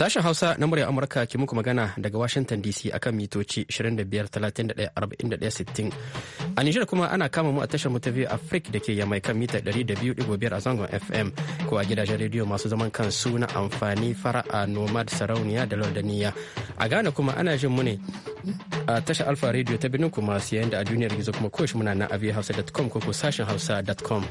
Sashen Hausa na murya Amurka ke muku magana daga Washington DC a kan mitoci 25-31-41-60. A Nijar kuma ana kama mu a tashar ta biyu Afrik da ke yamai kan mita 200.5 a zangon FM ko a gidajen rediyo masu zaman kansu na amfani fara a Nomad Sarauniya da Lordaniya. A Ghana kuma ana jin mu ne a tashar Alfa Radio ta binin kuma siyayen da a duniyar gizo kuma kowace muna na aviyahausa.com ko ko sashen hausa.com.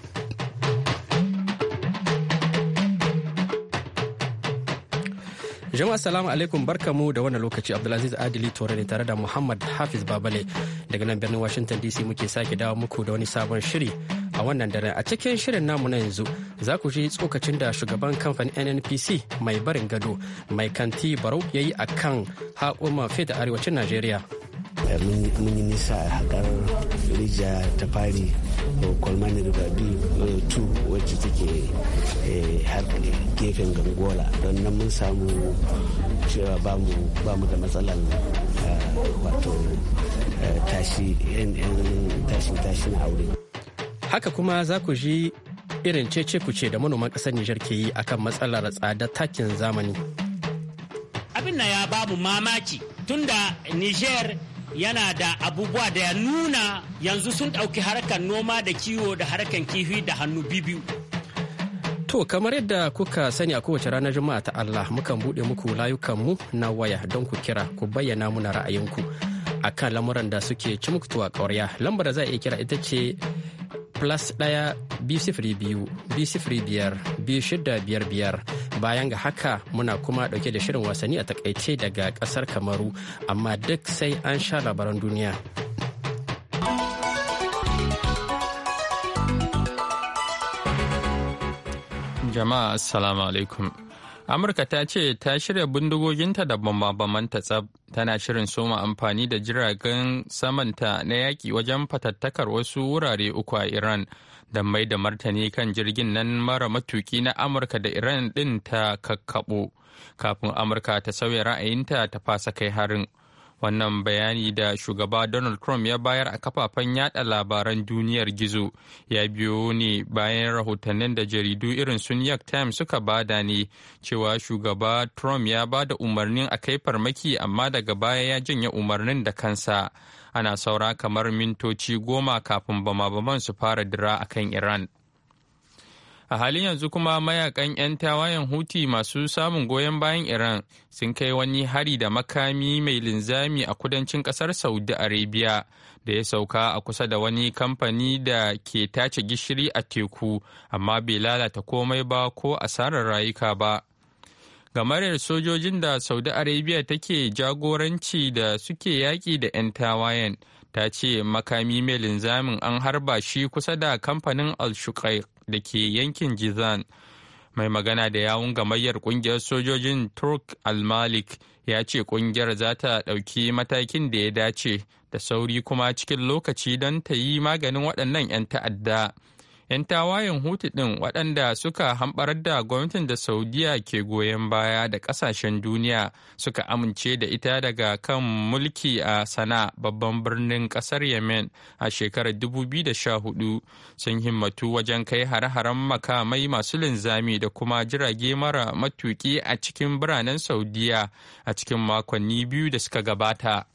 Jama'a assalamu alaikum barkamu da wannan lokaci Abdulaziz Adili Tore ne tare da Muhammad Hafiz Babale daga nan birnin Washington DC muke sake dawo muku da wani sabon shiri a wannan dare a cikin shirin namu na yanzu za ku ji tsokacin da shugaban kamfanin nnpc mai barin gado mai kanti barau ya yi a kan haƙoma arewacin najeriya Eh, mun yi nisa a haƙar rija ta fari kolmani river b 2 wacce take eh, har gefen gangola don nan mun samu cewa ba mu da matsalan eh, wato tashi tashi na aure haka kuma za ku ji irin cece ce da manoman ƙasar nijar ke yi akan matsalar tsadar takin zamani abin na ya babu mamaki tunda niger yana da abubuwa da ya nuna yanzu sun ɗauki harkar noma da kiwo da harkar kifi da hannu bibiyu. To kamar yadda kuka sani a kowace ranar Juma'a ta Allah mukan buɗe muku layukanmu na waya don ku kira ku bayyana muna ra'ayinku akan lamuran da suke ci muku tuwa ƙwarya. Lambar da za a iya kira ita ce plus ɗaya biyu sifiri biyu biyu sifiri biyar biyu shida biyar biyar bayan ga haka muna kuma ɗauke da shirin wasanni a takaice daga ƙasar kamaru amma duk sai an sha labaran duniya. jama'a assalamu alaikum amurka ta ce ta shirya bindigoginta da ta tsab tana shirin soma amfani da jiragen samanta na yaƙi wajen fatattakar wasu wurare uku a iran da mai da martani kan jirgin nan mara matuki na amurka da iran ɗin ta kakkaɓo kafin amurka ta sauya ra'ayinta ta fasa kai harin wannan bayani da shugaba donald trump ya bayar a kafafen yada labaran duniyar gizo ya biyo ne bayan rahotannin da jaridu irin su new york times suka bada ne cewa shugaba trump ya ba da umarnin a kai farmaki amma daga baya ya janye umarnin da kansa ana saura kamar mintoci goma kafin bama-baman su fara dira akan iran a halin yanzu kuma mayakan 'yan tawayen huti masu samun goyon bayan iran sun kai wani hari da makami mai linzami a kudancin kasar saudi arabia da ya sauka a kusa da wani kamfani da ke tace gishiri a teku amma bai lalata komai ba ko asarar rayuka ba gamarar sojojin da saudi arabia take jagoranci da suke yaƙi da 'yan tawayen ta ce makami mai linzamin an harba shi kusa da kamfanin al-shuqaiq da ke yankin Jizan. Mai magana da yawun gamayyar kungiyar sojojin Turk al-Malik ya ce kungiyar za ta ɗauki matakin da ya dace da sauri kuma cikin lokaci don ta yi maganin waɗannan 'yan ta'adda. 'yan tawayen hutu ɗin waɗanda suka hambar da gwamnatin da saudiya ke goyon baya da ƙasashen duniya suka amince da ita daga kan mulki a sana babban birnin ƙasar yemen a shekarar 2014 sun himmatu wajen kai hare-haren makamai masu linzami da kuma jirage mara matuƙi a cikin biranen saudiya a cikin makonni biyu da suka gabata.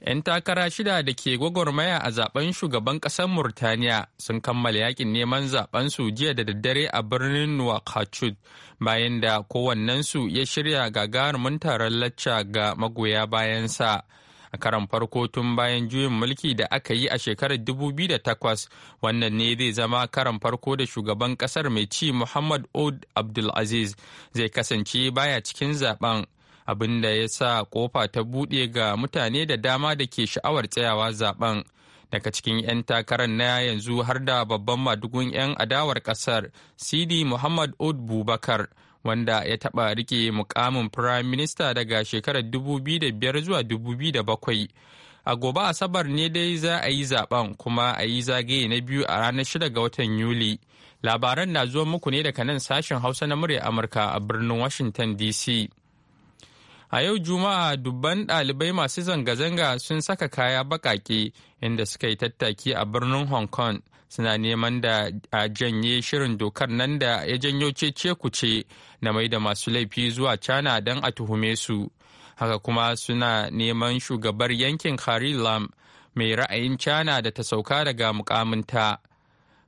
'Yan takara shida da ke gwagwarmaya a zaben shugaban ƙasar Murtaniya sun kammala yakin neman su jiya da daddare a birnin Nouakchott bayan da kowannensu ya shirya gagarumin taron lacca ga magoya bayansa. a karan farko tun bayan juyin mulki da aka yi a shekarar 2008 wannan ne zai zama karan farko da shugaban kasar mai ci muhammad old abdulaziz zai kasance baya cikin zaben abin da ya sa kofa ta buɗe ga mutane da dama da ke sha'awar tsayawa zaben daga cikin 'yan takarar na yanzu har da babban madugun 'yan adawar ƙasar sidi muhammad od bubakar wanda ya taɓa rike mukamin firayim minista daga shekarar 2005 zuwa 2007 a gobe asabar ne dai za a yi zaben kuma a yi zagaye na biyu a ranar shida ga watan yuli labaran na zuwa muku ne daga nan sashen hausa na murya amurka a birnin washington dc A yau Juma'a dubban ɗalibai masu zanga-zanga sun saka kaya baƙaƙe inda suka yi tattaki a birnin Hong Kong suna neman da a janye shirin dokar nan da ya janyo cece kuce na mai da masu laifi zuwa China don a tuhume su. Haka kuma suna neman shugabar yankin Carrie Lam mai ra'ayin China da ta sauka daga mukaminta.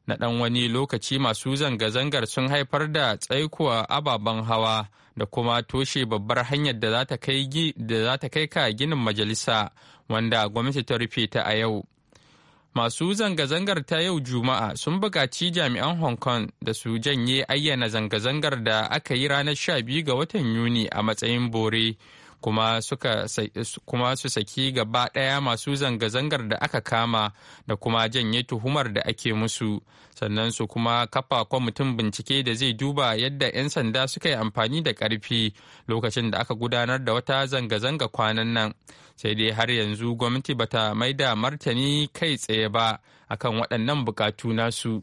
Na ɗan wani lokaci masu zanga-zangar sun haifar da tsaikuwa ababen hawa. da kuma toshe babbar hanyar da za ta kai ka ginin majalisa wanda gwamnati ta rufe ta a yau. Masu zanga-zangar ta yau Juma'a sun buƙaci jami'an Hong Kong da su janye ayyana zanga-zangar da aka yi ranar 12 ga watan Yuni a matsayin bore kuma su saki gaba ɗaya masu zanga-zangar da aka kama da kuma janye tuhumar da ake musu sannan su kuma kafa kwamitin bincike da zai duba yadda 'yan sanda suka yi amfani da ƙarfi lokacin da aka gudanar da wata zanga-zanga kwanan nan sai dai har yanzu gwamnati bata maida martani kai tsaye ba akan waɗannan bukatu nasu.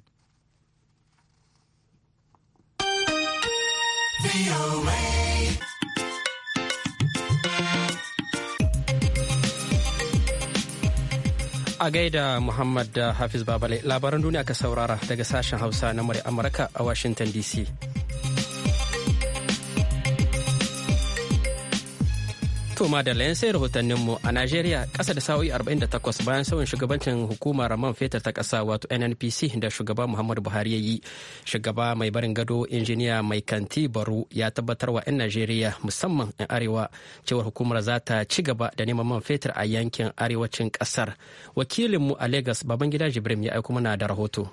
A gaida Muhammad da Hafiz Babale labaran duniya ka saurara daga sashen Hausa na Amurka a Washington DC. To Madalayan sai rahotanninmu a Najeriya ƙasa da sa'o'i 48 bayan sauyin shugabancin hukumar man fetur ta kasa wato NNPC da shugaba Muhammadu Buhari ya yi. Shugaba mai barin gado injiniya mai kanti baro ya tabbatar wa 'yan Najeriya musamman 'yan arewa cewar hukumar za ta ci gaba da neman man fetur a yankin arewacin ƙasar. Wakilinmu a Lagos Babangida Jibrim ya aiko mana da rahoto.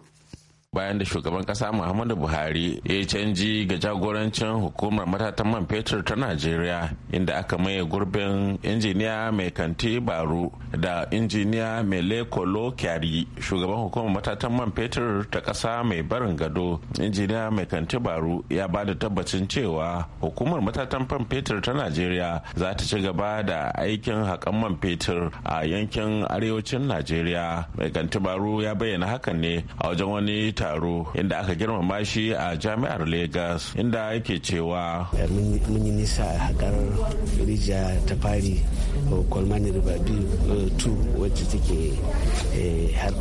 bayan da shugaban kasa muhammadu buhari ya canji ga jagorancin hukumar matatan man fetur ta najeriya inda aka maye gurbin injiniya mai kanti baro da injiniya mai lekolo kyari shugaban hukumar matatan man fetur ta kasa mai barin gado injiniya mai kanti baro ya ba da tabbacin cewa hukumar matatan man fetur ta najeriya za ta ci gaba da aikin haƙan man fetur a yankin arewacin najeriya mai kanti baro ya bayyana hakan ne a wajen wani taro inda aka girmama shi a jami'ar Legas inda yake cewa eh, mun yi nisa a haƙar rija ta fari Kolmani River 2 eh, wacce take eh, har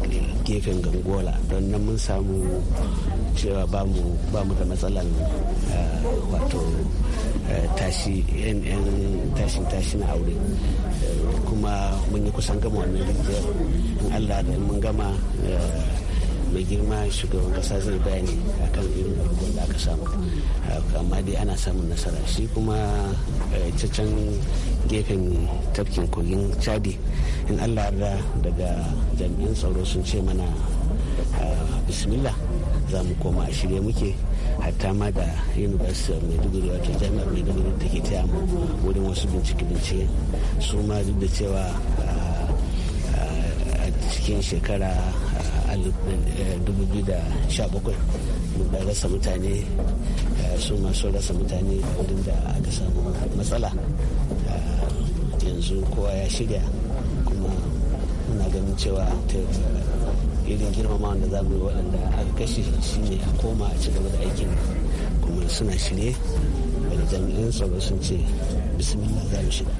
gefen Gangola don nan mun samu cewa ba mu da matsalar wato tashi yan tashin tashin aure kuma mun yi kusan gama wannan rijiyar in Allah da mun gama mai girma shugaban kasa zai bayani kan irin abubuwan da aka samu amma dai ana samun nasara shi kuma eh, can gefen tafkin kogin chadi in allah da daga jami'an tsaro sun ce mana ah, bismillah za mu koma a shirye muke hatta ma da university of maiduguri wato jami'ar maiduguri da ke taya mu wurin wasu bincike-bincike su ma duk da cewa ah, ah, cikin shekara 2017 eh, mun rasa mutane eh, su masu rasa mutane wurin da aka samu matsala eh, yanzu kowa ya shirya kuma muna ganin cewa ta irin girmama wanda za mu yi waɗanda aka kashe shi ne a koma a ci gaba da aikin kuma suna shirye wani jami'in tsaro sun ce bismillah za mu shiga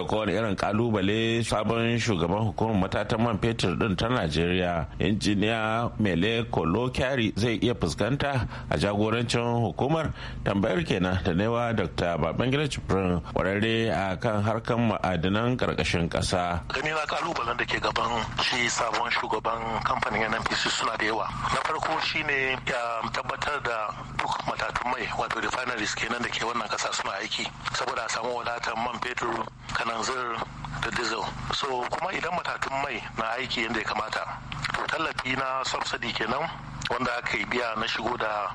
da kowane irin kalubale sabon shugaban hukumar matatan man fetur din ta najeriya injiniya mele kolo zai iya fuskanta a jagorancin hukumar tambayar kenan da newa dr babangida jibrin kwararre a kan harkar ma'adinan karkashin kasa gani na kalubalen da ke gaban shi sabon shugaban kamfanin npc suna da yawa na farko shine ya tabbatar da duk matatun mai wato refineries kenan da ke wannan kasa suna aiki saboda a samu wadatar man fetur kan kananzir da diesel so kuma idan matatun mai na aiki yadda ya kamata to tallafi na subsidy kenan wanda aka yi biya na shigo da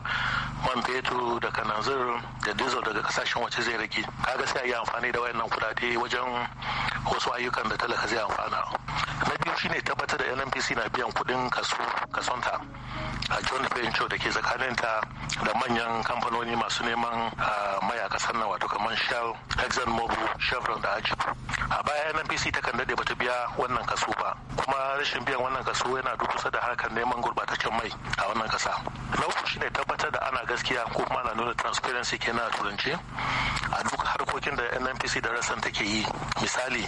man fetur da kananzir da diesel daga kasashen waje zai rage kaga sai a yi amfani da wayannan kudade wajen wasu ayyukan da talaka zai amfana na biyu shine tabbatar da nnpc na biyan kudin kaso kasonta a john da ke tsakaninta da manyan kamfanoni masu neman ah, maya a kasar nan wato kamar shell exxon mobil chevron da aji a baya nnpc ta kan daɗe bata biya wannan kaso ba kuma rashin biyan wannan kaso yana durkusa da harkar neman gurbataccen mai a wannan kasa na uku shine tabbatar da ana gaskiya ko kuma ana nuna transparency kenan a turance a duk harkokin da nnpc da rassan take yi misali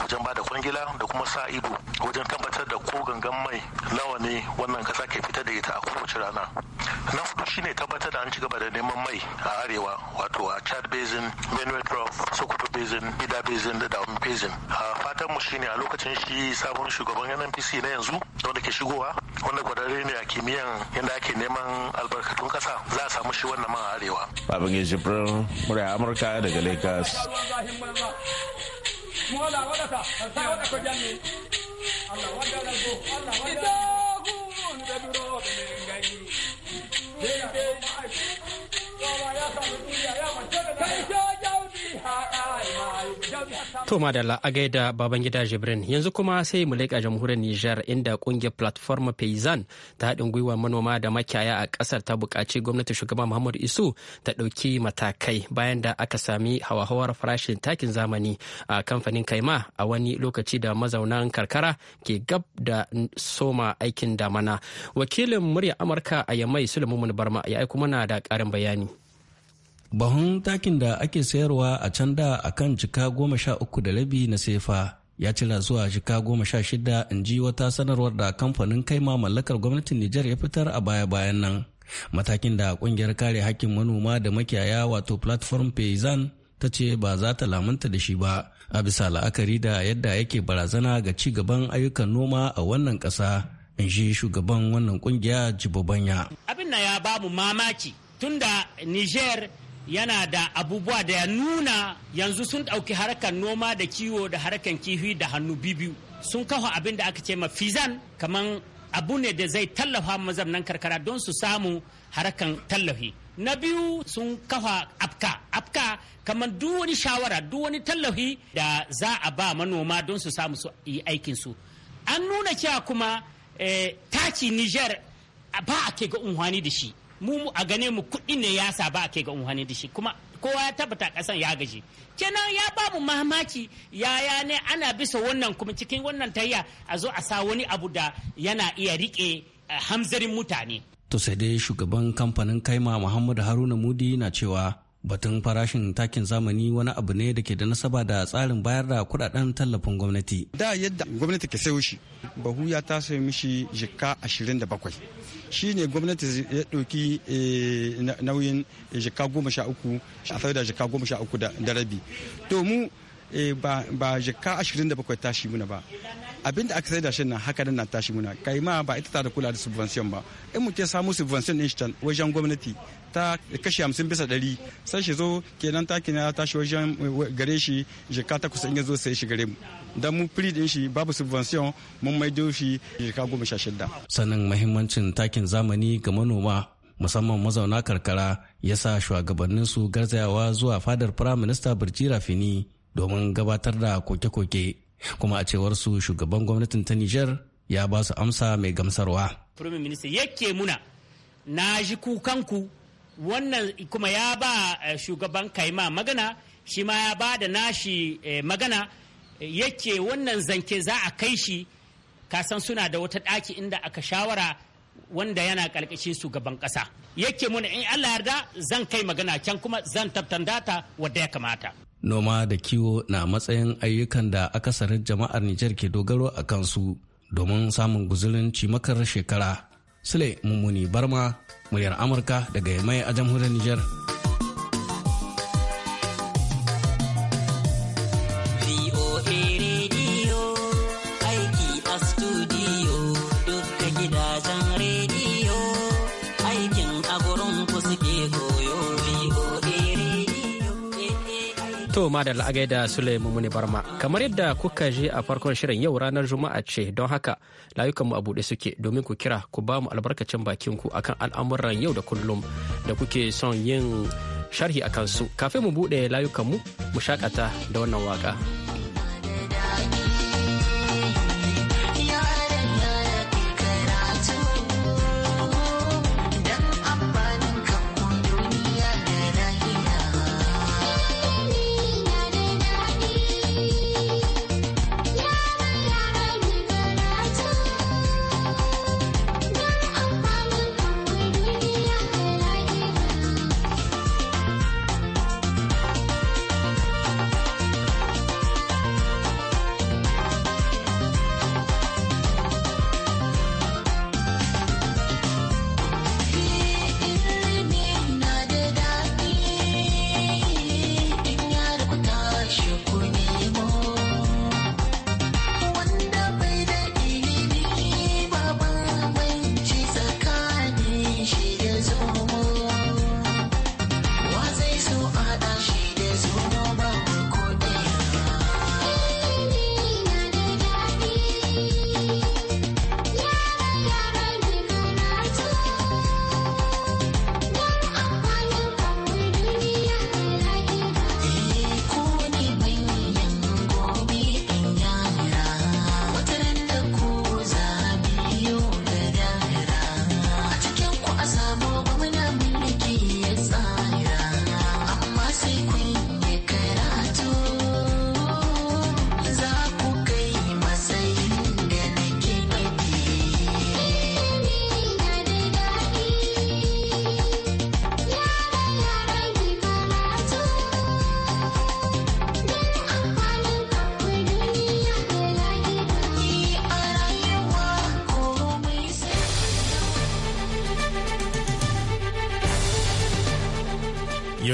wajen bada kwangila da kuma sa ido wajen tabbatar da ko gangan mai nawa ne wannan kasa ke fitar da ita a kowace rana na hudu shine tabbatar da an ci gaba da neman mai a arewa wato a chad basin benue trough sokoto basin bida basin prison da down prison a fatan mu shine a lokacin shi sabon shugaban NNPC na yanzu wanda ke shigowa wanda kwararre ne a kimiyyan yadda ake neman albarkatun kasa za a samu shi wannan man arewa babangin jibrin murya amurka daga lagos Allah To madalla a gaida baban gida Jibrin yanzu kuma sai mu leƙa jamhuriyar Nijar inda kungiyar platform Payzan ta haɗin gwiwa manoma da makiyaya a ƙasar ta buƙaci gwamnati shugaba Muhammadu Isu ta ɗauki matakai bayan da aka sami hawa-hawar farashin takin zamani a kamfanin Kaima a wani lokaci da mazaunan karkara ke gab da soma aikin damana. Wakilin murya Amurka a Yamai Sulaiman Barma ya aiko mana da ƙarin bayani. Bahun takin da ake sayarwa a can da a kan jika goma sha uku da labi na sefa ya cira zuwa jika goma sha shida in ji wata sanarwar da kamfanin kai ma mallakar gwamnatin Nijar ya fitar a baya-bayan nan. Matakin da kungiyar kare hakkin manoma da makiyaya wato platform Payzan ta ce ba za ta lamunta da shi ba a bisa la'akari da yadda yake barazana ga ci gaban ayyukan noma a wannan kasa in ji shugaban wannan kungiya Jibobanya. Abin na ya bamu mamaki tunda Niger yana da abubuwa da ya nuna yanzu sun ɗauki harkar noma da kiwo da harkar kifi da hannu bibiyu sun kafa abin da aka ce ma fizan kamar abu ne da zai tallafa mazamnan karkara don su samu harkan tallafi na biyu sun kafa afka afka kamar duk wani shawara duk wani tallafi da za a ba manoma don su samu su yi aikinsu an nuna cewa kuma eh, taki niger ba a ke ga unhwani da shi mu a gane mu kuɗi ne ya sa ba a kai ga unhani da shi kuma kowa ya tabbata kasan ya gaji kenan ya ba mu mamaki yaya ne ana bisa wannan kuma cikin wannan tayya a zo a sa wani abu da yana iya riƙe eh, hamzarin mutane to sai dai shugaban kamfanin kaima muhammadu haruna mudi na cewa batun farashin takin zamani wani abu ne da ke da nasaba da tsarin bayar da kudaden tallafin gwamnati da yadda gwamnati ke sayo shi bahu ya ta sayo mishi jika 27 shi ne gwamnati ya ɗauki eh, nauyin jika 13 a da jika 13 da rabi to mu Eh, ba jika ashirin da bakwai tashi muna ba abinda aka sai da shi na haka na tashi muna kai ma ba ita ta da kula da subvention ba in mu ke samu subvention din shi wajen gwamnati ta kashi hamsin bisa ɗari sai shi zo kenan taki ta tashi wajen eh, gare shi jika ta kusa in ya zo sai shi gare mu dan mu free din shi babu subvention mun do shi jika goma sha shida. sanin mahimmancin takin zamani ga manoma musamman mazauna karkara ya sa shugabanninsu garzayawa zuwa fadar firaminista birjira rafini. domin gabatar da koke-koke kuma a cewar su shugaban gwamnatin ta Nijar ya ba su amsa mai gamsarwa. Firmin Minista yake muna na ji kukanku wannan kuma ya ba eh, shugaban kaima magana shi ma ya ba da nashi eh, magana yake wannan zanke za a kai shi kasan suna da wata ɗaki inda aka shawara wanda yana ƙarƙashin shugaban ƙasa yake muna in Allah yarda zan kai magana can kuma zan tabtandata wadda ya kamata Noma da kiwo na matsayin ayyukan da akasarin jama'ar Nijar ke dogaro a kansu domin samun guzurin cimakar shekara. Sule Mummuni Barma, muryar Amurka daga Yamai a jamhuriyar Nijar. To ma da da Sulaimu Muni Barma. Kamar yadda kuka je a farkon shirin yau ranar Juma'a ce don haka layukanmu a buɗe suke domin ku kira ku ba mu albarkacin bakin ku akan al'amuran yau da kullum da kuke son yin sharhi akan su Kafin mu buɗe layukanmu mu shakata da wannan waka.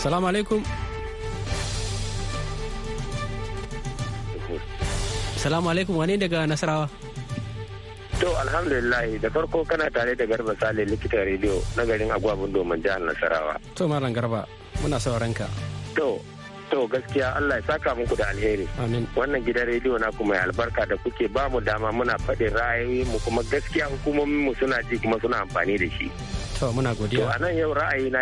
salamu alaikum alaikum wane daga nasarawa to alhamdulillah da farko kana tare da garba sale likitan rediyo na garin agwabin domin jihar nasarawa to malam garba muna sauran ka to to gaskiya Allah ya saka muku da alheri Amin. wannan gidan rediyo na kuma ya albarka da kuke ba mu dama muna faɗin ra'ayoyin mu kuma gaskiya hukumomin mu suna ji kuma suna amfani da shi To muna godiya. To a nan yau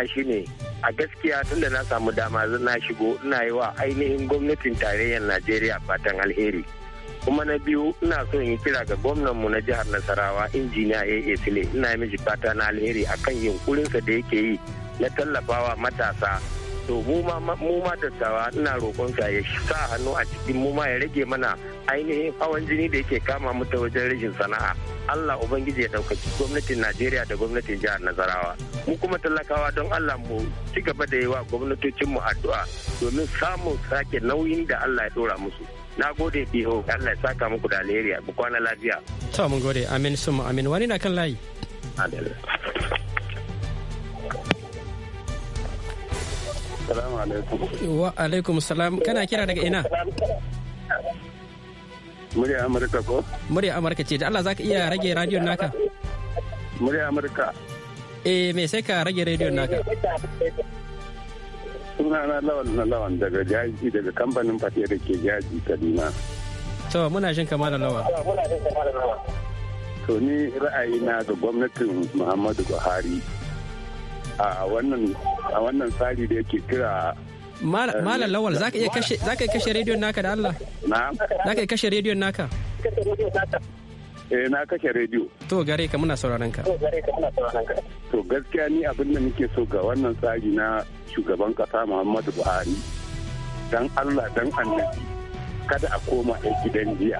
shi shine a gaskiya tunda na samu dama na shigo ina yi wa ainihin gwamnatin tarayyar Najeriya fatan alheri. kuma na biyu ina so in kira ga gwamnanmu na jihar Nasarawa injiniya AA Sile ina miji fata na alheri akan yunkurinsa da yake yi na tallafawa matasa to mu ma dattawa ina roƙonsa ya sa hannu a cikin mu ma ya rage mana ainihin hawan jini da yake kama mu ta wajen rashin sana'a Allah Ubangiji ya ɗaukaki gwamnatin Najeriya da gwamnatin jihar Nazarawa. Mu kuma talakawa don Allah mu ci gaba da yi wa gwamnatocinmu addu'a domin samun sake nauyin da Allah ya ɗora musu. Na gode biyo Allah ya saka muku da alheri ku kwana lafiya. To mun gode amin sun amin wani na kan layi. Salamu alaikum. Wa alaikum salam kana kira daga ina? Murya Amurka ko? Murya Amurka ce, da Allah za ka iya rage radiyon naka? Murya Amurka. Eh, me sai ka rage rediyon naka? Suna na lawan na lawan daga jaji daga kamfanin fate da ke jaji Kaduna. To, muna jin kama da lawan. To, ni na ga gwamnatin Muhammadu Buhari. A wannan tsari da yake kira Malam eh, Lawal za ka iya kashe rediyon naka da Allah? Na? Za ka iya kashe rediyon naka? Eh na kashe rediyo. To gare ka muna sauraron ka. To gaskiya ni abin da muke so ga wannan tsari na shugaban kasa Muhammadu Buhari. Dan Allah dan annabi kada a koma a gidan jiya.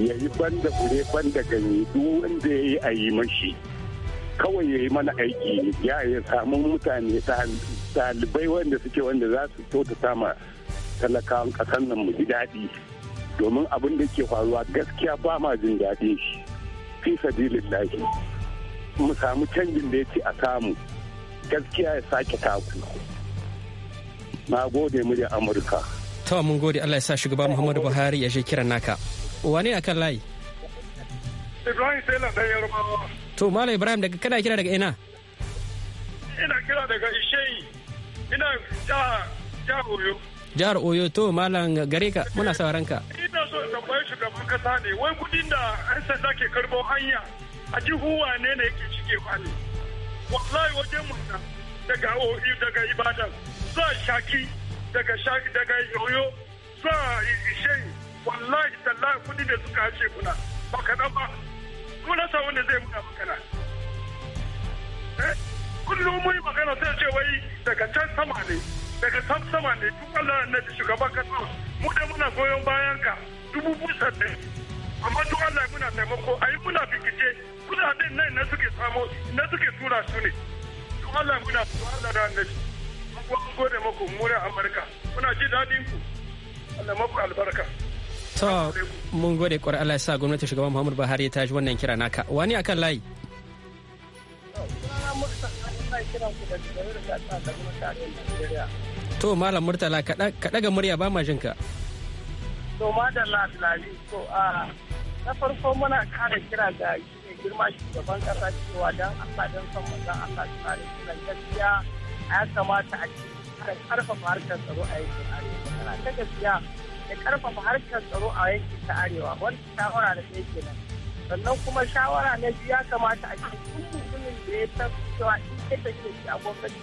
Ya yi banda kure banda ganye duk wanda ya yi a yi mashi. kawai ya yi mana aiki ya ya samu mutane dalibai wanda suke wanda za su kyautata ma talakawan kasan nan mu ji daɗi domin abin da ke faruwa gaskiya ba ma jin daɗin shi fi sabilillahi mu samu canjin da ya ce a samu gaskiya ya sake taku na gode mu da amurka tawa mun gode allah ya sa shugaba muhammadu buhari ya je kiran naka wane akan layi ibrahim sai na ɗan yarbawa to malam ibrahim daga kana kira daga ina ina kira daga isheyi ina jihar oyo jihar oyo to malam gare ka muna sauran ka ina so in tambayi shugaban kasa ne wai kudin da an sanda ke karbo hanya a jihuwa ne ne yake cike kwani wallahi wajen mu daga oyo daga ibadan za shaki daga shaki daga oyo za isheyi wallahi tallahi kudin da suka ce kuna ba kaɗan ba mun rasa wanda zai muka magana eh? kullum mun yi magana sai ce wai daga can sama ne daga can sama ne duk Allah na ji shugaban kasa mu da muna goyon bayan ka dubu busa ne amma duk Allah muna taimako ayi muna bikice kudaden nan na suke samo na suke tura su ne duk Allah muna duk Allah da annabi mun gode muku mu Amurka muna ji daɗin ku Allah maku albarka To mun gode kwarar Allah ya sa gwamnati shugaban Muhammadu Buhari ya tashi wannan kira naka. Wani a kan layi? To Malam Murtala ka ɗaga murya ba ma jinka. To Madalla Abdulaziz to a na farko muna kare kira ga girma shugaban kasa cewa don Allah don son manzon Allah su kare kiran gaskiya a ya kamata a cikin ƙarfafa harkar tsaro a yankin arewa. Ta gaskiya da karfafa harkar tsaro a yankin ta arewa wanda shawara da ke kenan sannan kuma shawara na biyu ya kamata a ce duk mutumin da ya san cewa in ya ta ke a gwamnati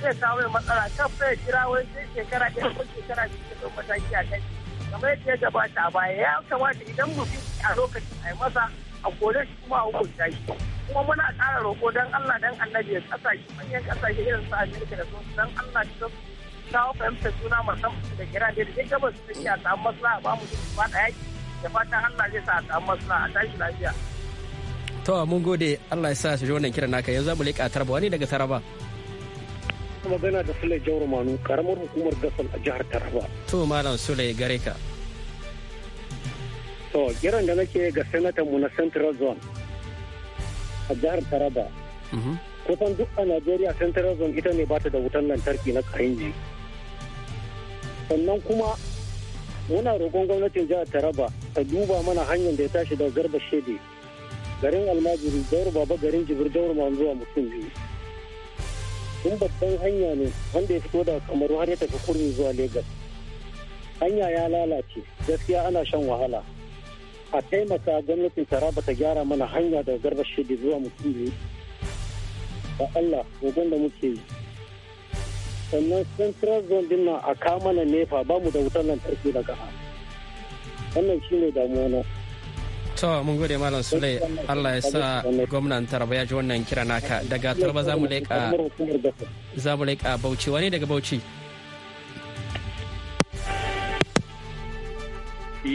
zai kawo matsala kan fayar kira wani sai shekara ɗaya ko shekara biyu ta ɗau mataki a kai kamar yadda ya gabata a baya ya kamata idan mu mutum a lokacin a yi masa a kore shi kuma a hukunta shi kuma muna ƙara roƙo don Allah don annabi ya ƙasashe manyan ƙasashe irin su Amerika da sun don Allah su kawo fahimtar juna musamman da kira da dai gabas su ke a samu maslaha ba mu ba da yaki da fatan Allah zai sa a samu maslaha a tashi lafiya. To mun gode Allah ya sa su ji wannan kiran naka yanzu mu leƙa tarba wani daga Taraba. magana da Sule Jauro Manu karamar hukumar gasar a jihar Taraba. To Malam Sule gare ka. To kiran da nake ga sanatan mu na Central Zone a jihar Taraba. Mhm. Kusan duk a Najeriya Central Zone ita ne bata da wutan lantarki na Kainji. sannan kuma muna roƙon gwamnatin jihar taraba ta duba mana hanyar da ya tashi da garba shede garin almajiri daura baba garin jibir daura ma zuwa mutum biyu tun babban hanya ne wanda ya fito daga kamar har ya tafi kurmi zuwa legas hanya ya lalace gaskiya ana shan wahala a taimaka gwamnatin taraba ta gyara mana hanya daga garba shede zuwa mutum biyu ba allah gogon da muke yi sannan central zone din nan a na nefa ba mu da wutar lantarki da ƙasa wannan shi ne damuwa na to mun gode malam sule allah ya sa gwamnan taraba ya ji wannan kira naka daga taraba za mu leƙa za mu leƙa bauchi wani daga bauchi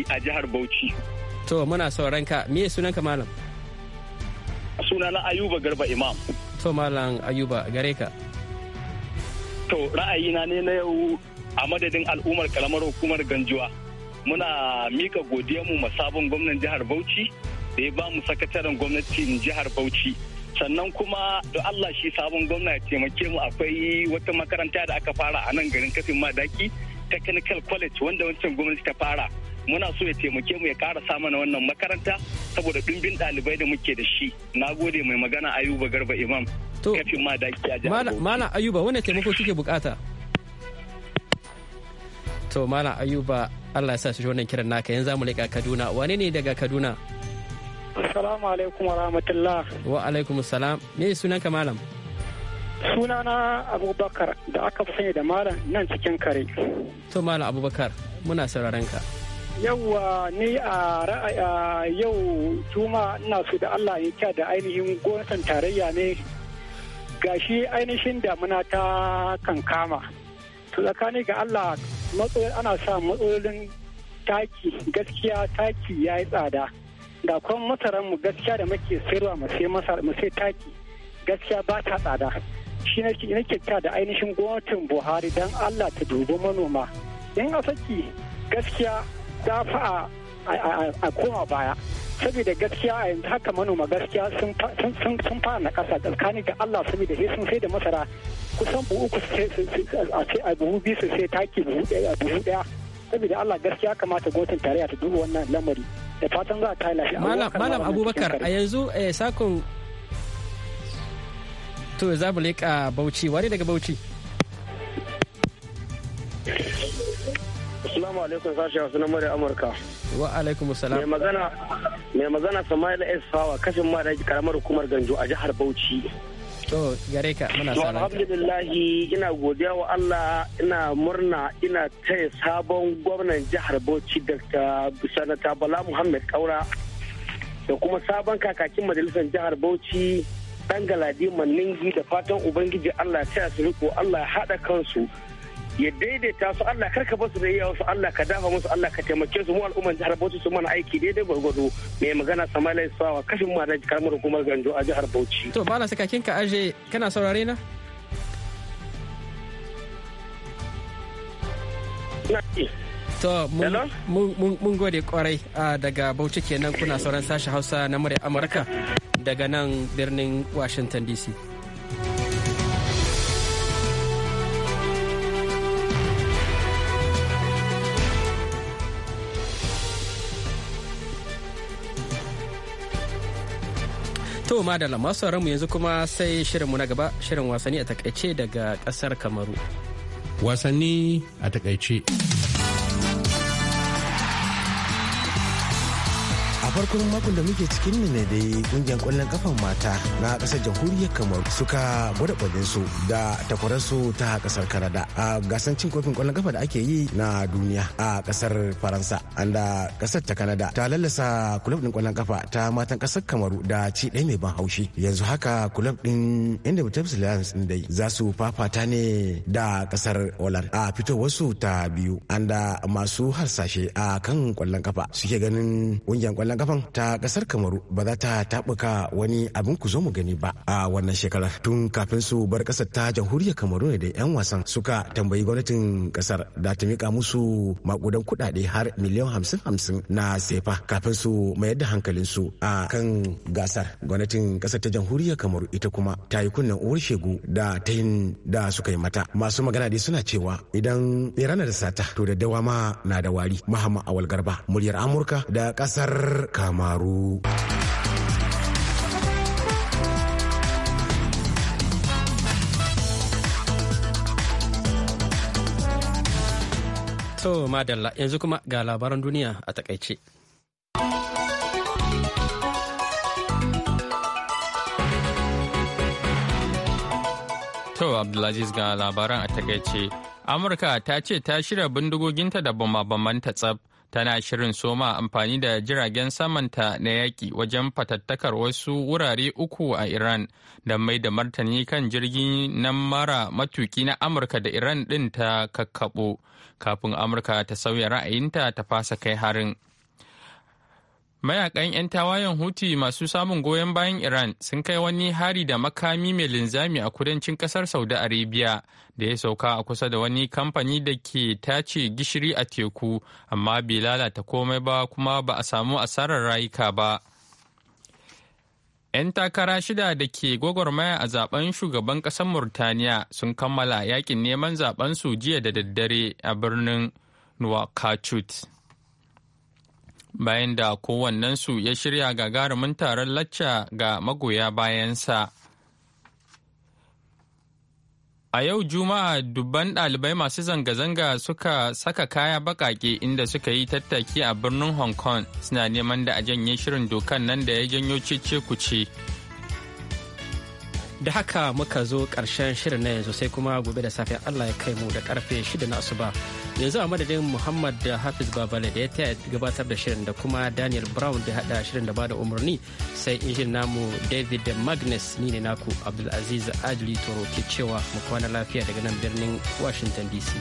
a jihar bauchi to muna sauran ka me sunanka malam sunana ayuba garba imam to malam ayuba gare ka To ra'ayina ne na yau a madadin al'ummar kalamar hukumar Ganjuwa. Muna mika mu ma sabon gwamnan jihar Bauchi da ya ba mu sakataren gwamnatin jihar Bauchi. Sannan kuma da Allah shi sabon gwamna ya taimake mu akwai wata makaranta da aka fara a nan garin kafin madaki Technical College wanda wancan gwamnati ta fara. muna so ya taimake mu ya ƙara samana wannan makaranta saboda ɗimbin ɗalibai da muke da shi na gode mai magana ayuba garba imam kafin ma da mana ayuba wanda taimako kike bukata to mana ayuba allah ya sa shi wannan kiran naka yanzu mu leƙa kaduna wane ne daga kaduna assalamu alaikum wa rahmatullah wa alaikum salam me sunanka malam sunana abubakar da aka fi sani da malam nan cikin kare to malam abubakar muna sauraron ka yawwa ni a ra'aya yau juma ina so da allah ya kya da ainihin gonsan tarayya ne gashi ainihin damuna ta kankama to tsakani ga allah ana sa matsalolin taki gaskiya taki ya yi tsada da kuma masaran mu gaskiya da muke sayarwa mu sai taki gaskiya ba ta tsada shi nake nake kya da ainihin gwamnatin buhari dan allah ta dubi manoma in a saki gaskiya da a koma baya saboda gaskiya a yanzu haka manoma gaskiya sun fara na ƙasa tsakani da Allah saboda sai sun sai da masara kusan buhu uku a ce a buhu biyu su sai taki buhu ɗaya saboda Allah gaskiya kamata gwamnatin tarayya ta duba wannan lamari da fatan za a ta lafiya. Malam Abubakar a yanzu eh, sakon to za mu leƙa Bauchi wani daga Bauchi. alaikum sashi wasu na murya Amurka. Wa alaikum assalam. Mai magana mai magana Samuel S Fawa kashin mara karamar hukumar Ganjo a jihar Bauchi. To gare ka muna sa Alhamdulillah ina godiya wa Allah ina murna ina taya sabon gwamnan jihar Bauchi Dr. Sanata Bala Muhammad Kaura da kuma sabon kakakin majalisar jihar Bauchi dan Galadi Manningi da fatan Ubangiji Allah ya taya su riko Allah ya hada kansu. ya daidaita su Allah karka basu da iya wasu Allah ka dafa musu Allah ka taimake su mu al'umman jihar Bauchi su mana aiki daidai gwargwado mai magana Sama'ila Sawa kashin mu da karamar hukumar Ganjo a jihar Bauchi to malam saka kinka aje kana saurare na To mun gode kwarai daga Bauchi kenan kuna sauran sashi Hausa na murya Amurka daga nan birnin Washington DC. To da lamasu mu yanzu kuma sai shirinmu na gaba shirin wasanni a takaice daga kasar Kamaru. Wasanni a takaice. farkon makon da muke cikin ne dai kungiyar kwallon kafan mata na kasar jamhuriyar kamar suka gwada kwallon su da takwararsu ta kasar kanada a gasan cin kofin kwallon kafa da ake yi na duniya a kasar faransa anda kasar ta kanada ta lallasa kulab din kwallon kafa ta matan kasar kamaru da ci ɗaya mai ban haushi yanzu haka kulab din inda butabs lions din dai za su fafata ne da kasar holland a fitowarsu ta biyu anda masu harsashe a kan kwallon kafa suke ganin kungiyar kwallon daban ta kasar kamaru ba za ta tabuka wani abin ku zo mu gani ba a wannan shekara tun kafin su bar kasar ta jamhuriyar kamaru ne da yan wasan suka tambayi gwamnatin kasar da ta mika musu makudan kudade har miliyan hamsin hamsin na sefa kafin su mayar da hankalin su a kan gasar gwamnatin kasar ta jamhuriyar kamaru ita kuma ta yi kunnen uwar shegu da ta yin da suka yi mata masu magana dai suna cewa idan na da sata to da dawa ma na da wari muhammad awal garba muryar amurka da kasar kamaru To madalla yanzu kuma ga labaran duniya a takaice. To Abdulaziz ga labaran a takaice. Amurka ta ce ta shirya bindigoginta da bama-bamanta tsab tana shirin soma amfani da jiragen samanta na yaƙi wajen fatattakar wasu wurare uku a iran da mai da martani kan jirgin nan mara matuki na amurka da iran ɗin ta kakkaɓo kafin amurka ta sauya ra'ayinta ta fasa kai harin. mayakan 'yan tawayen huti masu samun goyon bayan iran sun kai wani hari da makami mai linzami a kudancin kasar saudi arabia da ya sauka a kusa da wani kamfani da ke tace gishiri a teku amma bai lalata komai ba kuma ba a samu asarar rayuka ba 'yan takara shida da ke gwagwarmaya a zaben shugaban ƙasar murtaniya sun kammala yakin neman zaben su jiya da daddare a birnin nouakchott bayan da kowannensu ya shirya gagarumin taron lacca ga magoya bayansa. A yau Juma'a dubban ɗalibai masu zanga-zanga suka saka kaya baƙaƙe inda suka yi tattaki a birnin Hong Kong suna neman da a janye shirin dokan nan da ya janyo cece kuce. ce. da haka muka zo ƙarshen shirin na yanzu sai kuma gobe da safe allah ya kai mu da karfe shida na asuba yanzu a madadin muhammad da hafiz babale da ya taya gabatar da shirin da kuma daniel brown da hada shirin da bada umarni sai injin namu david da magnus ni ne naku abdulaziz adli toro ke cewa mu kwana lafiya daga nan birnin washington dc